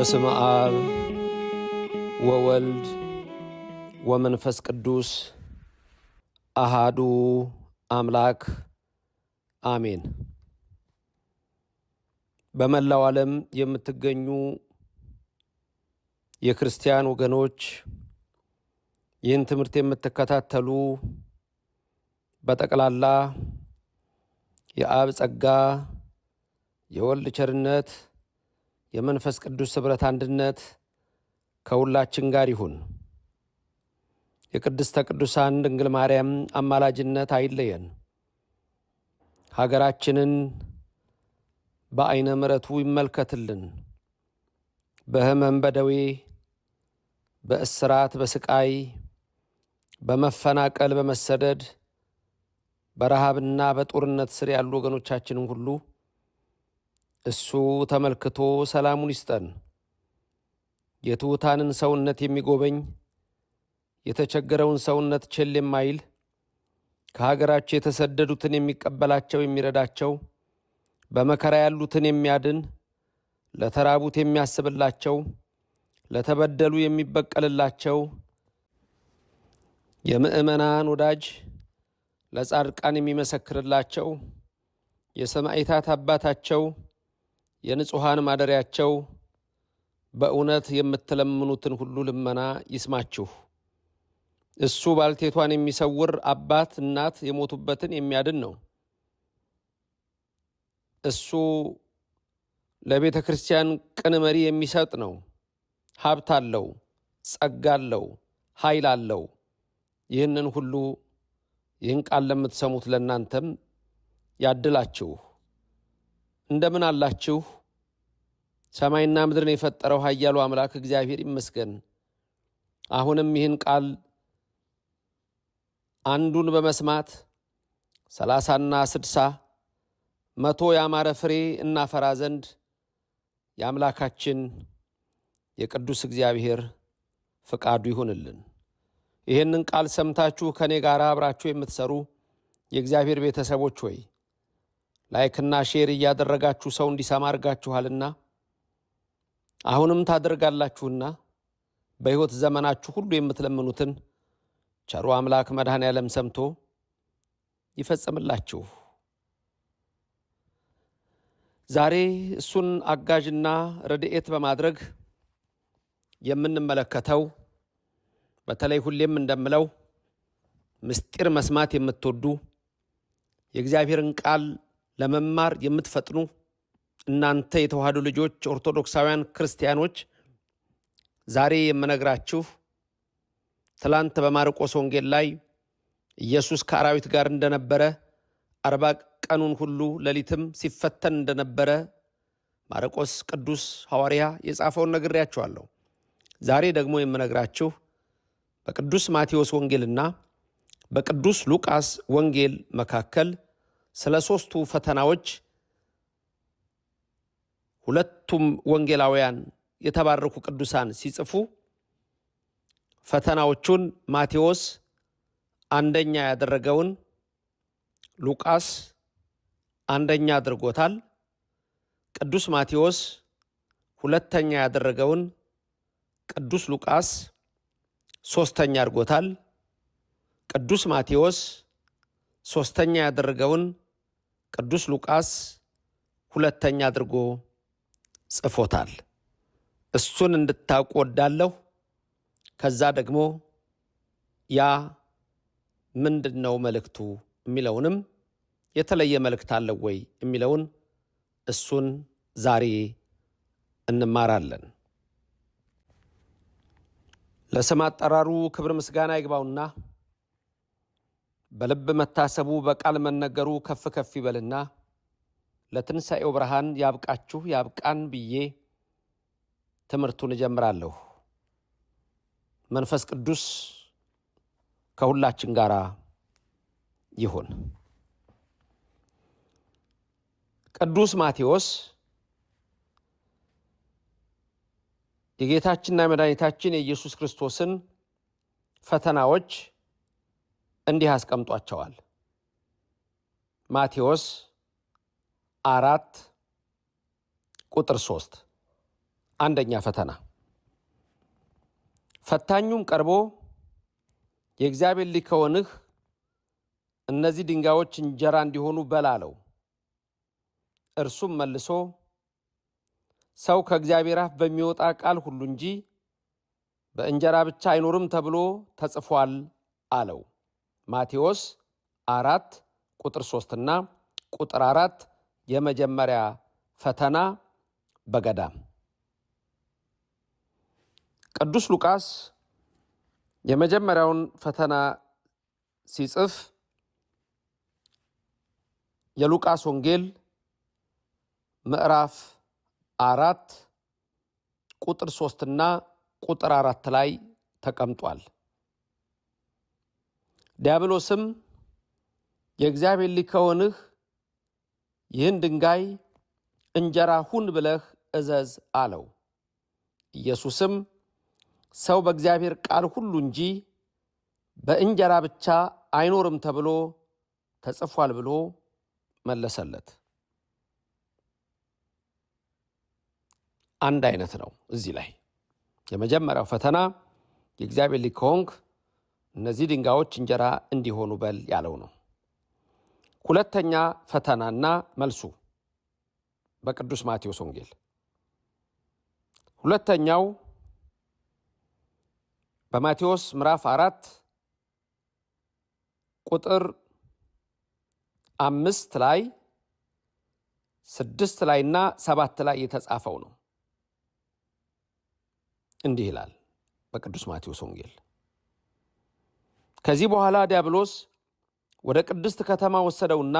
በስመ አብ ወወልድ ወመንፈስ ቅዱስ አሃዱ አምላክ አሜን። በመላው ዓለም የምትገኙ የክርስቲያን ወገኖች ይህን ትምህርት የምትከታተሉ በጠቅላላ የአብ ጸጋ የወልድ ቸርነት የመንፈስ ቅዱስ ኅብረት አንድነት ከሁላችን ጋር ይሁን። የቅድስተ ቅዱሳን ድንግል ማርያም አማላጅነት አይለየን። ሀገራችንን በዐይነ ምረቱ ይመልከትልን። በሕመም በደዌ በእስራት በስቃይ በመፈናቀል በመሰደድ በረሃብና በጦርነት ስር ያሉ ወገኖቻችንን ሁሉ እሱ ተመልክቶ ሰላሙን ይስጠን። የትሑታንን ሰውነት የሚጎበኝ የተቸገረውን ሰውነት ቸል የማይል ከሀገራቸው የተሰደዱትን የሚቀበላቸው የሚረዳቸው በመከራ ያሉትን የሚያድን ለተራቡት የሚያስብላቸው ለተበደሉ የሚበቀልላቸው የምእመናን ወዳጅ ለጻድቃን የሚመሰክርላቸው የሰማዕታት አባታቸው የንጹሐን ማደሪያቸው በእውነት የምትለምኑትን ሁሉ ልመና ይስማችሁ። እሱ ባልቴቷን የሚሰውር አባት እናት የሞቱበትን የሚያድን ነው። እሱ ለቤተ ክርስቲያን ቅን መሪ የሚሰጥ ነው። ሀብት አለው፣ ጸጋ አለው፣ ኃይል አለው። ይህንን ሁሉ ይህን ቃል ለምትሰሙት ለእናንተም ያድላችሁ። እንደምን አላችሁ? ሰማይና ምድርን የፈጠረው ኃያሉ አምላክ እግዚአብሔር ይመስገን። አሁንም ይህን ቃል አንዱን በመስማት ሰላሳና ስድሳ መቶ ያማረ ፍሬ እናፈራ ዘንድ የአምላካችን የቅዱስ እግዚአብሔር ፍቃዱ ይሁንልን። ይህንን ቃል ሰምታችሁ ከእኔ ጋር አብራችሁ የምትሰሩ የእግዚአብሔር ቤተሰቦች ሆይ ላይክና ሼር እያደረጋችሁ ሰው እንዲሰማ አርጋችኋልና አሁንም ታደርጋላችሁና በሕይወት ዘመናችሁ ሁሉ የምትለምኑትን ቸሩ አምላክ መድኃኔ ዓለም ሰምቶ ይፈጽምላችሁ። ዛሬ እሱን አጋዥና ረድኤት በማድረግ የምንመለከተው በተለይ ሁሌም እንደምለው ምስጢር መስማት የምትወዱ የእግዚአብሔርን ቃል ለመማር የምትፈጥኑ እናንተ የተዋህዶ ልጆች ኦርቶዶክሳውያን ክርስቲያኖች ዛሬ የምነግራችሁ ትላንት በማርቆስ ወንጌል ላይ ኢየሱስ ከአራዊት ጋር እንደነበረ አርባ ቀኑን ሁሉ ሌሊትም ሲፈተን እንደነበረ ማርቆስ ቅዱስ ሐዋርያ የጻፈውን ነግሬያችኋለሁ። ዛሬ ደግሞ የምነግራችሁ በቅዱስ ማቴዎስ ወንጌልና በቅዱስ ሉቃስ ወንጌል መካከል ስለ ሦስቱ ፈተናዎች ሁለቱም ወንጌላውያን የተባረኩ ቅዱሳን ሲጽፉ ፈተናዎቹን ማቴዎስ አንደኛ ያደረገውን ሉቃስ አንደኛ አድርጎታል። ቅዱስ ማቴዎስ ሁለተኛ ያደረገውን ቅዱስ ሉቃስ ሦስተኛ አድርጎታል። ቅዱስ ማቴዎስ ሦስተኛ ያደረገውን ቅዱስ ሉቃስ ሁለተኛ አድርጎ ጽፎታል። እሱን እንድታውቁ ወዳለሁ። ከዛ ደግሞ ያ ምንድን ነው መልእክቱ የሚለውንም የተለየ መልእክት አለው ወይ የሚለውን እሱን ዛሬ እንማራለን። ለስም አጠራሩ ክብር ምስጋና ይግባውና በልብ መታሰቡ በቃል መነገሩ ከፍ ከፍ ይበልና ለትንሣኤው ብርሃን ያብቃችሁ ያብቃን ብዬ ትምህርቱን እጀምራለሁ። መንፈስ ቅዱስ ከሁላችን ጋር ይሁን። ቅዱስ ማቴዎስ የጌታችንና የመድኃኒታችን የኢየሱስ ክርስቶስን ፈተናዎች እንዲህ አስቀምጧቸዋል። ማቴዎስ አራት ቁጥር ሶስት አንደኛ ፈተና። ፈታኙም ቀርቦ የእግዚአብሔር ልጅ ከሆንህ እነዚህ ድንጋዮች እንጀራ እንዲሆኑ በላ አለው። እርሱም መልሶ ሰው ከእግዚአብሔር አፍ በሚወጣ ቃል ሁሉ እንጂ በእንጀራ ብቻ አይኖርም ተብሎ ተጽፏል አለው። ማቴዎስ አራት ቁጥር ሶስትና ቁጥር አራት የመጀመሪያ ፈተና በገዳም ቅዱስ ሉቃስ የመጀመሪያውን ፈተና ሲጽፍ የሉቃስ ወንጌል ምዕራፍ አራት ቁጥር ሶስትና ቁጥር አራት ላይ ተቀምጧል። ዲያብሎስም የእግዚአብሔር ልጅ ከሆንህ ይህን ድንጋይ እንጀራ ሁን ብለህ እዘዝ አለው። ኢየሱስም ሰው በእግዚአብሔር ቃል ሁሉ እንጂ በእንጀራ ብቻ አይኖርም ተብሎ ተጽፏል ብሎ መለሰለት። አንድ አይነት ነው። እዚህ ላይ የመጀመሪያው ፈተና የእግዚአብሔር ልጅ ከሆንክ እነዚህ ድንጋዮች እንጀራ እንዲሆኑ በል ያለው ነው። ሁለተኛ ፈተናና መልሱ በቅዱስ ማቴዎስ ወንጌል። ሁለተኛው በማቴዎስ ምዕራፍ አራት ቁጥር አምስት ላይ ስድስት ላይና ሰባት ላይ የተጻፈው ነው። እንዲህ ይላል በቅዱስ ማቴዎስ ወንጌል ከዚህ በኋላ ዲያብሎስ ወደ ቅድስት ከተማ ወሰደውና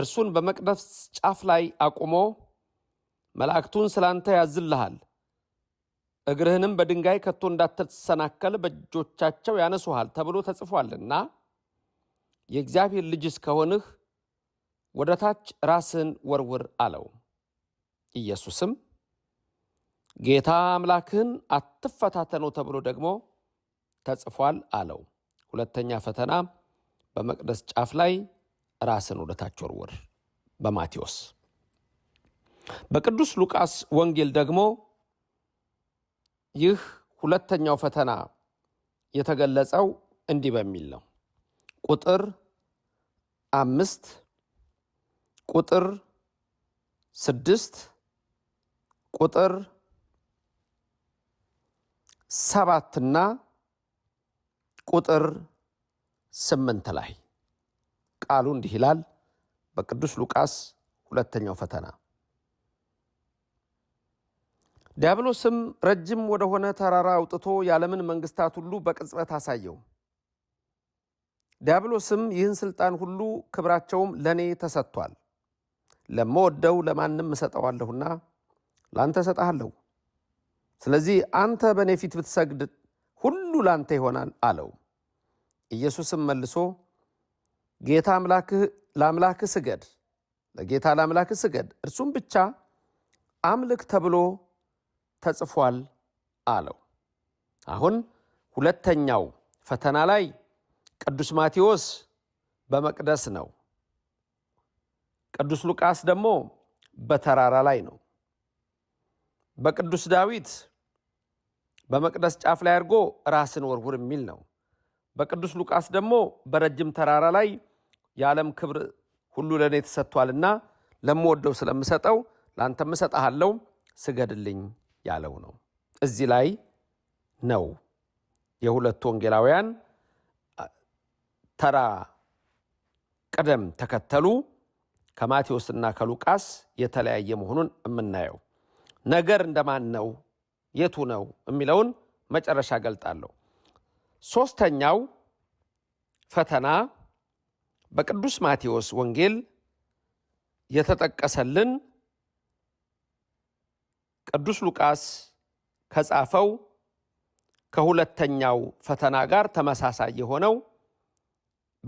እርሱን በመቅደስ ጫፍ ላይ አቁሞ መላእክቱን ስላንተ ያዝልሃል፣ እግርህንም በድንጋይ ከቶ እንዳትሰናከል በእጆቻቸው ያነሱሃል ተብሎ ተጽፏልና የእግዚአብሔር ልጅስ ከሆንህ ወደ ታች ራስን ወርውር አለው። ኢየሱስም ጌታ አምላክህን አትፈታተነው ተብሎ ደግሞ ተጽፏል አለው። ሁለተኛ ፈተና በመቅደስ ጫፍ ላይ ራስን ወደታች ወርውር በማቴዎስ። በቅዱስ ሉቃስ ወንጌል ደግሞ ይህ ሁለተኛው ፈተና የተገለጸው እንዲህ በሚል ነው። ቁጥር አምስት ቁጥር ስድስት ቁጥር ሰባትና ቁጥር ስምንት ላይ ቃሉ እንዲህ ይላል በቅዱስ ሉቃስ ሁለተኛው ፈተና ዲያብሎስም ረጅም ወደሆነ ተራራ አውጥቶ የዓለምን መንግስታት ሁሉ በቅጽበት አሳየው። ዲያብሎስም ይህን ስልጣን ሁሉ ክብራቸውም ለእኔ ተሰጥቷል፣ ለመወደው ለማንም እሰጠዋለሁና ለአንተ እሰጠሃለሁ። ስለዚህ አንተ በእኔ ፊት ብትሰግድ ሁሉ ለአንተ ይሆናል አለው። ኢየሱስም መልሶ ጌታ ለአምላክህ ስገድ፣ ለጌታ ለአምላክህ ስገድ፣ እርሱም ብቻ አምልክ ተብሎ ተጽፏል አለው። አሁን ሁለተኛው ፈተና ላይ ቅዱስ ማቴዎስ በመቅደስ ነው። ቅዱስ ሉቃስ ደግሞ በተራራ ላይ ነው። በቅዱስ ዳዊት በመቅደስ ጫፍ ላይ አድርጎ ራስን ወርውር የሚል ነው። በቅዱስ ሉቃስ ደግሞ በረጅም ተራራ ላይ የዓለም ክብር ሁሉ ለእኔ ተሰጥቷልና ለምወደው ስለምሰጠው ለአንተ ምሰጠሃለው ስገድልኝ ያለው ነው። እዚህ ላይ ነው የሁለቱ ወንጌላውያን ተራ ቅደም ተከተሉ ከማቴዎስና ከሉቃስ የተለያየ መሆኑን የምናየው። ነገር እንደማን ነው፣ የቱ ነው የሚለውን መጨረሻ ገልጣለሁ። ሦስተኛው ፈተና በቅዱስ ማቴዎስ ወንጌል የተጠቀሰልን ቅዱስ ሉቃስ ከጻፈው ከሁለተኛው ፈተና ጋር ተመሳሳይ የሆነው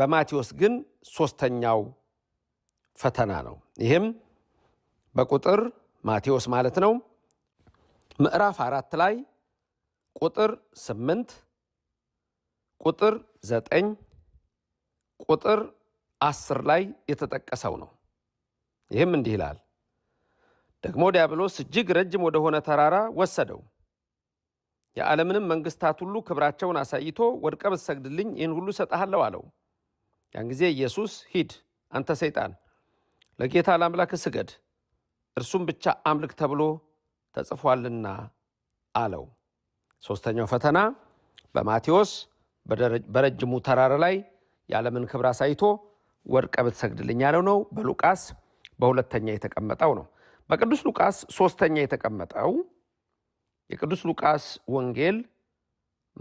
በማቴዎስ ግን ሦስተኛው ፈተና ነው። ይህም በቁጥር ማቴዎስ ማለት ነው ምዕራፍ አራት ላይ ቁጥር ስምንት ቁጥር ዘጠኝ ቁጥር አስር ላይ የተጠቀሰው ነው። ይህም እንዲህ ይላል፣ ደግሞ ዲያብሎስ እጅግ ረጅም ወደሆነ ተራራ ወሰደው የዓለምንም መንግስታት ሁሉ ክብራቸውን አሳይቶ ወድቀ ብትሰግድልኝ ይህን ሁሉ እሰጥሃለሁ አለው። ያን ጊዜ ኢየሱስ ሂድ አንተ ሰይጣን፣ ለጌታ ለአምላክ ስገድ፣ እርሱም ብቻ አምልክ ተብሎ ተጽፏልና አለው። ሦስተኛው ፈተና በማቴዎስ በረጅሙ ተራራ ላይ የዓለምን ክብር አሳይቶ ወድቀ ብትሰግድልኝ ያለው ነው። በሉቃስ በሁለተኛ የተቀመጠው ነው። በቅዱስ ሉቃስ ሶስተኛ የተቀመጠው የቅዱስ ሉቃስ ወንጌል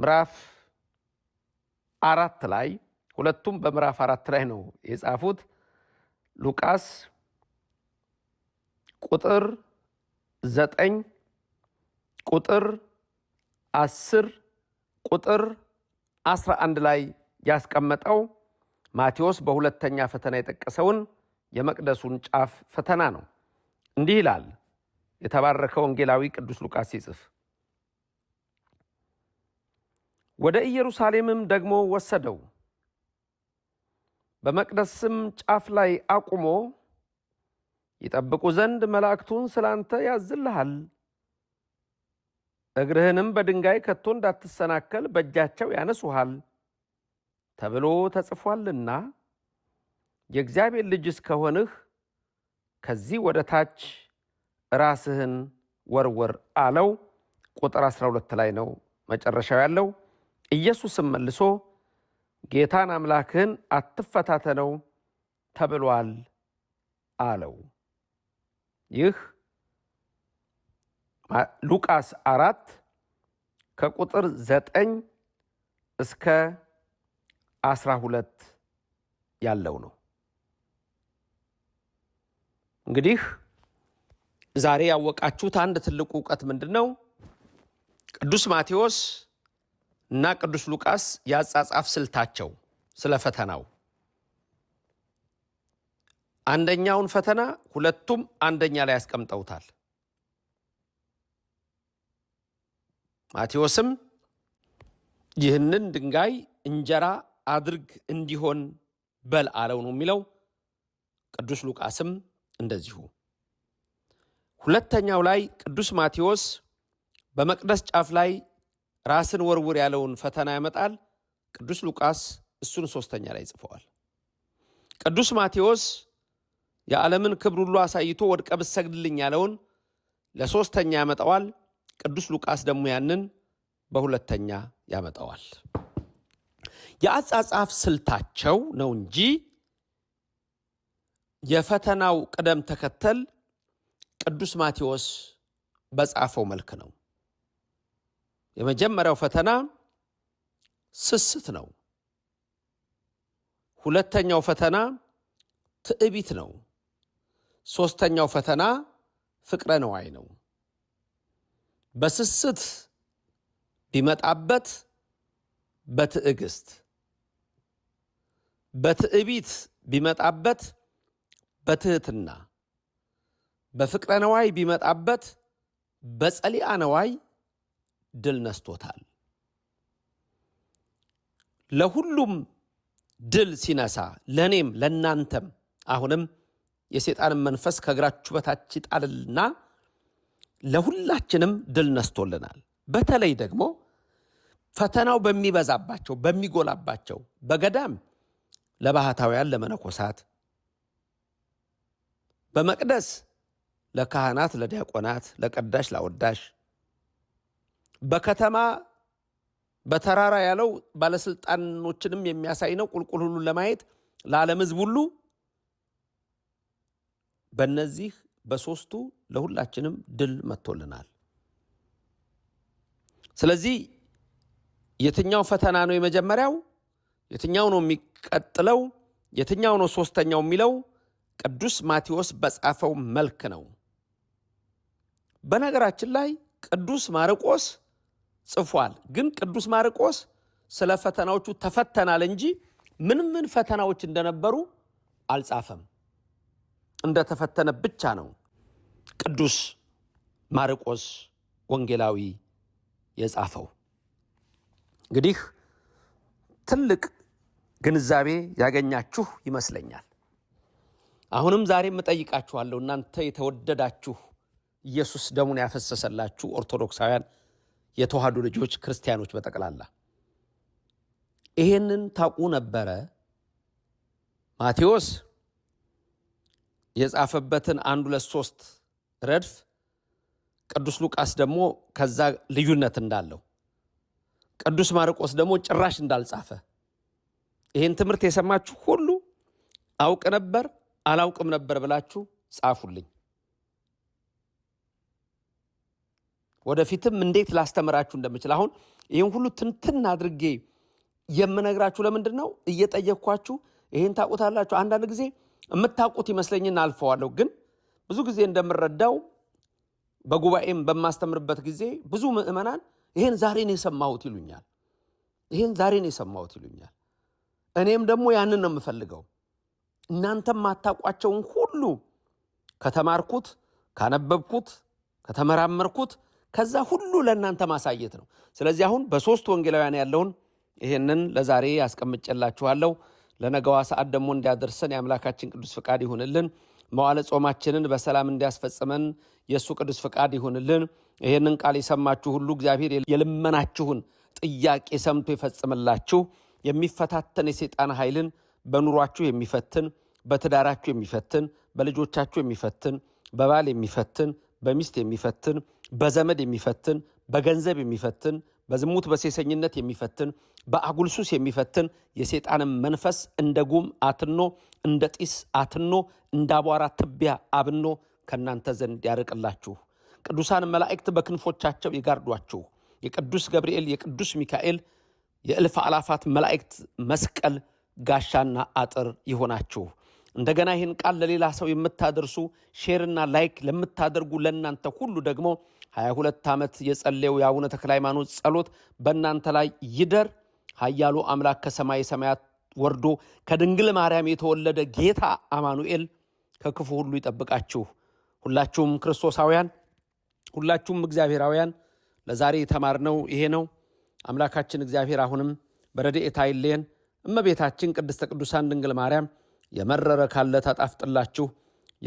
ምዕራፍ አራት ላይ ሁለቱም በምዕራፍ አራት ላይ ነው የጻፉት። ሉቃስ ቁጥር ዘጠኝ ቁጥር አስር ቁጥር 11 ላይ ያስቀመጠው ማቴዎስ በሁለተኛ ፈተና የጠቀሰውን የመቅደሱን ጫፍ ፈተና ነው። እንዲህ ይላል የተባረከ ወንጌላዊ ቅዱስ ሉቃስ ሲጽፍ፣ ወደ ኢየሩሳሌምም ደግሞ ወሰደው በመቅደስም ጫፍ ላይ አቁሞ ይጠብቁ ዘንድ መላእክቱን ስላንተ ያዝልሃል እግርህንም በድንጋይ ከቶ እንዳትሰናከል በእጃቸው ያነሱሃል ተብሎ ተጽፏልና የእግዚአብሔር ልጅ እስከሆንህ ከዚህ ወደ ታች ራስህን ወርወር አለው። ቁጥር 12 ላይ ነው መጨረሻው ያለው። ኢየሱስም መልሶ ጌታን አምላክህን አትፈታተነው ተብሏል አለው። ይህ ሉቃስ አራት ከቁጥር ዘጠኝ እስከ አስራ ሁለት ያለው ነው። እንግዲህ ዛሬ ያወቃችሁት አንድ ትልቁ እውቀት ምንድን ነው? ቅዱስ ማቴዎስ እና ቅዱስ ሉቃስ የአጻጻፍ ስልታቸው ስለ ፈተናው አንደኛውን ፈተና ሁለቱም አንደኛ ላይ ያስቀምጠውታል። ማቴዎስም ይህንን ድንጋይ እንጀራ አድርግ እንዲሆን በል አለው ነው የሚለው። ቅዱስ ሉቃስም እንደዚሁ። ሁለተኛው ላይ ቅዱስ ማቴዎስ በመቅደስ ጫፍ ላይ ራስን ወርውር ያለውን ፈተና ያመጣል። ቅዱስ ሉቃስ እሱን ሶስተኛ ላይ ጽፈዋል። ቅዱስ ማቴዎስ የዓለምን ክብር ሁሉ አሳይቶ ወድቀ ብትሰግድልኝ ያለውን ለሶስተኛ ያመጣዋል። ቅዱስ ሉቃስ ደግሞ ያንን በሁለተኛ ያመጣዋል። የአጻጻፍ ስልታቸው ነው እንጂ የፈተናው ቅደም ተከተል ቅዱስ ማቴዎስ በጻፈው መልክ ነው። የመጀመሪያው ፈተና ስስት ነው። ሁለተኛው ፈተና ትዕቢት ነው። ሦስተኛው ፈተና ፍቅረ ነዋይ ነው። በስስት ቢመጣበት በትዕግስት፣ በትዕቢት ቢመጣበት በትህትና፣ በፍቅረ ነዋይ ቢመጣበት በጸሊአ ነዋይ ድል ነስቶታል። ለሁሉም ድል ሲነሳ ለእኔም ለእናንተም አሁንም የሰይጣንን መንፈስ ከእግራችሁ በታች ይጣልና ለሁላችንም ድል ነስቶልናል። በተለይ ደግሞ ፈተናው በሚበዛባቸው በሚጎላባቸው በገዳም ለባህታውያን ለመነኮሳት፣ በመቅደስ ለካህናት፣ ለዲያቆናት፣ ለቀዳሽ፣ ለአወዳሽ፣ በከተማ በተራራ ያለው ባለስልጣኖችንም የሚያሳይ ነው። ቁልቁል ሁሉን ለማየት ለዓለም ሕዝብ ሁሉ በእነዚህ በሶስቱ ለሁላችንም ድል መጥቶልናል። ስለዚህ የትኛው ፈተና ነው የመጀመሪያው? የትኛው ነው የሚቀጥለው? የትኛው ነው ሶስተኛው የሚለው ቅዱስ ማቴዎስ በጻፈው መልክ ነው። በነገራችን ላይ ቅዱስ ማርቆስ ጽፏል። ግን ቅዱስ ማርቆስ ስለ ፈተናዎቹ ተፈተናል እንጂ ምን ምን ፈተናዎች እንደነበሩ አልጻፈም። እንደተፈተነ ብቻ ነው ቅዱስ ማርቆስ ወንጌላዊ የጻፈው። እንግዲህ ትልቅ ግንዛቤ ያገኛችሁ ይመስለኛል። አሁንም ዛሬም እጠይቃችኋለሁ እናንተ የተወደዳችሁ ኢየሱስ ደሙን ያፈሰሰላችሁ ኦርቶዶክሳውያን የተዋህዶ ልጆች ክርስቲያኖች በጠቅላላ ይሄንን ታውቁ ነበረ? ማቴዎስ የጻፈበትን አንድ ሁለት ሶስት ረድፍ ቅዱስ ሉቃስ ደግሞ ከዛ ልዩነት እንዳለው ቅዱስ ማርቆስ ደግሞ ጭራሽ እንዳልጻፈ ይህን ትምህርት የሰማችሁ ሁሉ አውቅ ነበር አላውቅም ነበር ብላችሁ ጻፉልኝ። ወደፊትም እንዴት ላስተምራችሁ እንደምችል አሁን ይህን ሁሉ ትንትን አድርጌ የምነግራችሁ ለምንድን ነው? እየጠየቅኳችሁ ይህን ታውቁታላችሁ። አንዳንድ ጊዜ የምታውቁት ይመስለኝን አልፈዋለሁ። ግን ብዙ ጊዜ እንደምረዳው በጉባኤም በማስተምርበት ጊዜ ብዙ ምእመናን ይሄን ዛሬን የሰማሁት ይሉኛል፣ ይሄን ዛሬን የሰማሁት ይሉኛል። እኔም ደግሞ ያንን ነው የምፈልገው። እናንተም ማታውቋቸውን ሁሉ ከተማርኩት፣ ካነበብኩት፣ ከተመራመርኩት ከዛ ሁሉ ለእናንተ ማሳየት ነው። ስለዚህ አሁን በሶስት ወንጌላውያን ያለውን ይህንን ለዛሬ ያስቀምጨላችኋለሁ። ለነገዋ ሰዓት ደግሞ እንዲያደርሰን የአምላካችን ቅዱስ ፍቃድ ይሁንልን። መዋለ ጾማችንን በሰላም እንዲያስፈጽመን የእሱ ቅዱስ ፍቃድ ይሁንልን። ይህንን ቃል የሰማችሁ ሁሉ እግዚአብሔር የልመናችሁን ጥያቄ ሰምቶ ይፈጽምላችሁ። የሚፈታተን የሰይጣን ኃይልን በኑሯችሁ የሚፈትን በትዳራችሁ የሚፈትን በልጆቻችሁ የሚፈትን በባል የሚፈትን በሚስት የሚፈትን በዘመድ የሚፈትን በገንዘብ የሚፈትን በዝሙት በሴሰኝነት የሚፈትን በአጉል ሱስ የሚፈትን የሴጣንን መንፈስ እንደ ጉም አትኖ እንደ ጢስ አትኖ እንደ አቧራ ትቢያ አብኖ ከእናንተ ዘንድ ያርቅላችሁ። ቅዱሳን መላእክት በክንፎቻቸው ይጋርዷችሁ። የቅዱስ ገብርኤል፣ የቅዱስ ሚካኤል፣ የእልፍ አላፋት መላእክት መስቀል ጋሻና አጥር ይሆናችሁ። እንደገና ይህን ቃል ለሌላ ሰው የምታደርሱ ሼርና ላይክ ለምታደርጉ ለእናንተ ሁሉ ደግሞ ሁለት ዓመት የጸለየው የአቡነ ተክለ ሃይማኖት ጸሎት በእናንተ ላይ ይደር። ኃያሉ አምላክ ከሰማይ ሰማያት ወርዶ ከድንግል ማርያም የተወለደ ጌታ አማኑኤል ከክፉ ሁሉ ይጠብቃችሁ። ሁላችሁም ክርስቶሳውያን፣ ሁላችሁም እግዚአብሔራውያን ለዛሬ የተማርነው ይሄ ነው። አምላካችን እግዚአብሔር አሁንም በረድኤታ አይለየን። እመቤታችን ቅድስተ ቅዱሳን ድንግል ማርያም የመረረ ካለ ታጣፍጥላችሁ፣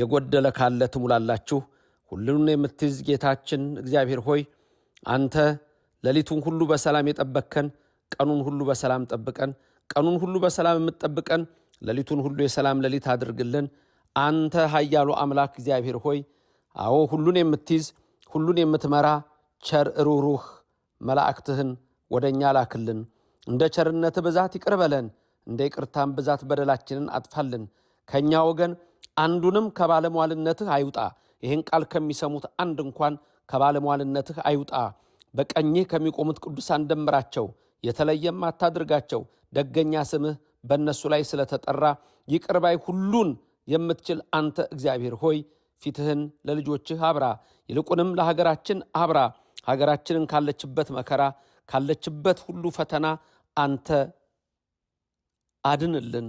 የጎደለ ካለ ትሙላላችሁ። ሁሉን የምትይዝ ጌታችን እግዚአብሔር ሆይ አንተ ሌሊቱን ሁሉ በሰላም የጠበቅከን፣ ቀኑን ሁሉ በሰላም ጠብቀን፣ ቀኑን ሁሉ በሰላም የምትጠብቀን፣ ሌሊቱን ሁሉ የሰላም ሌሊት አድርግልን። አንተ ሀያሉ አምላክ እግዚአብሔር ሆይ አዎ ሁሉን የምትይዝ ሁሉን የምትመራ ቸር ሩሩህ መላእክትህን ወደ እኛ ላክልን። እንደ ቸርነት ብዛት ይቅርበለን እንደ ይቅርታን ብዛት በደላችንን አጥፋልን። ከእኛ ወገን አንዱንም ከባለሟልነትህ አይውጣ ይህን ቃል ከሚሰሙት አንድ እንኳን ከባለሟልነትህ አይውጣ። በቀኝህ ከሚቆሙት ቅዱሳን ደምራቸው፣ የተለየም አታድርጋቸው። ደገኛ ስምህ በእነሱ ላይ ስለተጠራ ይቅር ባይ ሁሉን የምትችል አንተ እግዚአብሔር ሆይ ፊትህን ለልጆችህ አብራ፣ ይልቁንም ለሀገራችን አብራ። ሀገራችንን ካለችበት መከራ ካለችበት ሁሉ ፈተና አንተ አድንልን።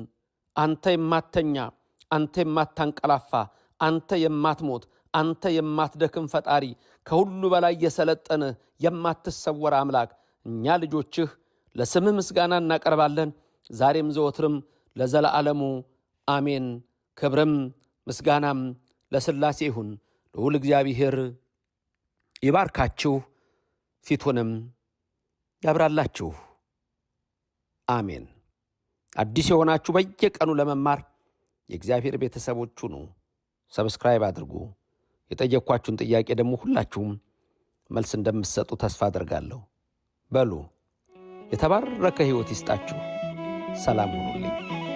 አንተ የማተኛ አንተ የማታንቀላፋ አንተ የማትሞት አንተ የማትደክም ፈጣሪ፣ ከሁሉ በላይ የሰለጠንህ የማትሰወር አምላክ፣ እኛ ልጆችህ ለስምህ ምስጋና እናቀርባለን ዛሬም ዘወትርም ለዘለዓለሙ አሜን። ክብርም ምስጋናም ለስላሴ ይሁን። ልዑል እግዚአብሔር ይባርካችሁ፣ ፊቱንም ያብራላችሁ። አሜን። አዲስ የሆናችሁ በየቀኑ ለመማር የእግዚአብሔር ቤተሰቦች ሁኑ። ሰብስክራይብ አድርጉ። የጠየኳችሁን ጥያቄ ደግሞ ሁላችሁም መልስ እንደምትሰጡ ተስፋ አድርጋለሁ። በሉ የተባረከ ሕይወት ይስጣችሁ። ሰላም ሁኑልኝ።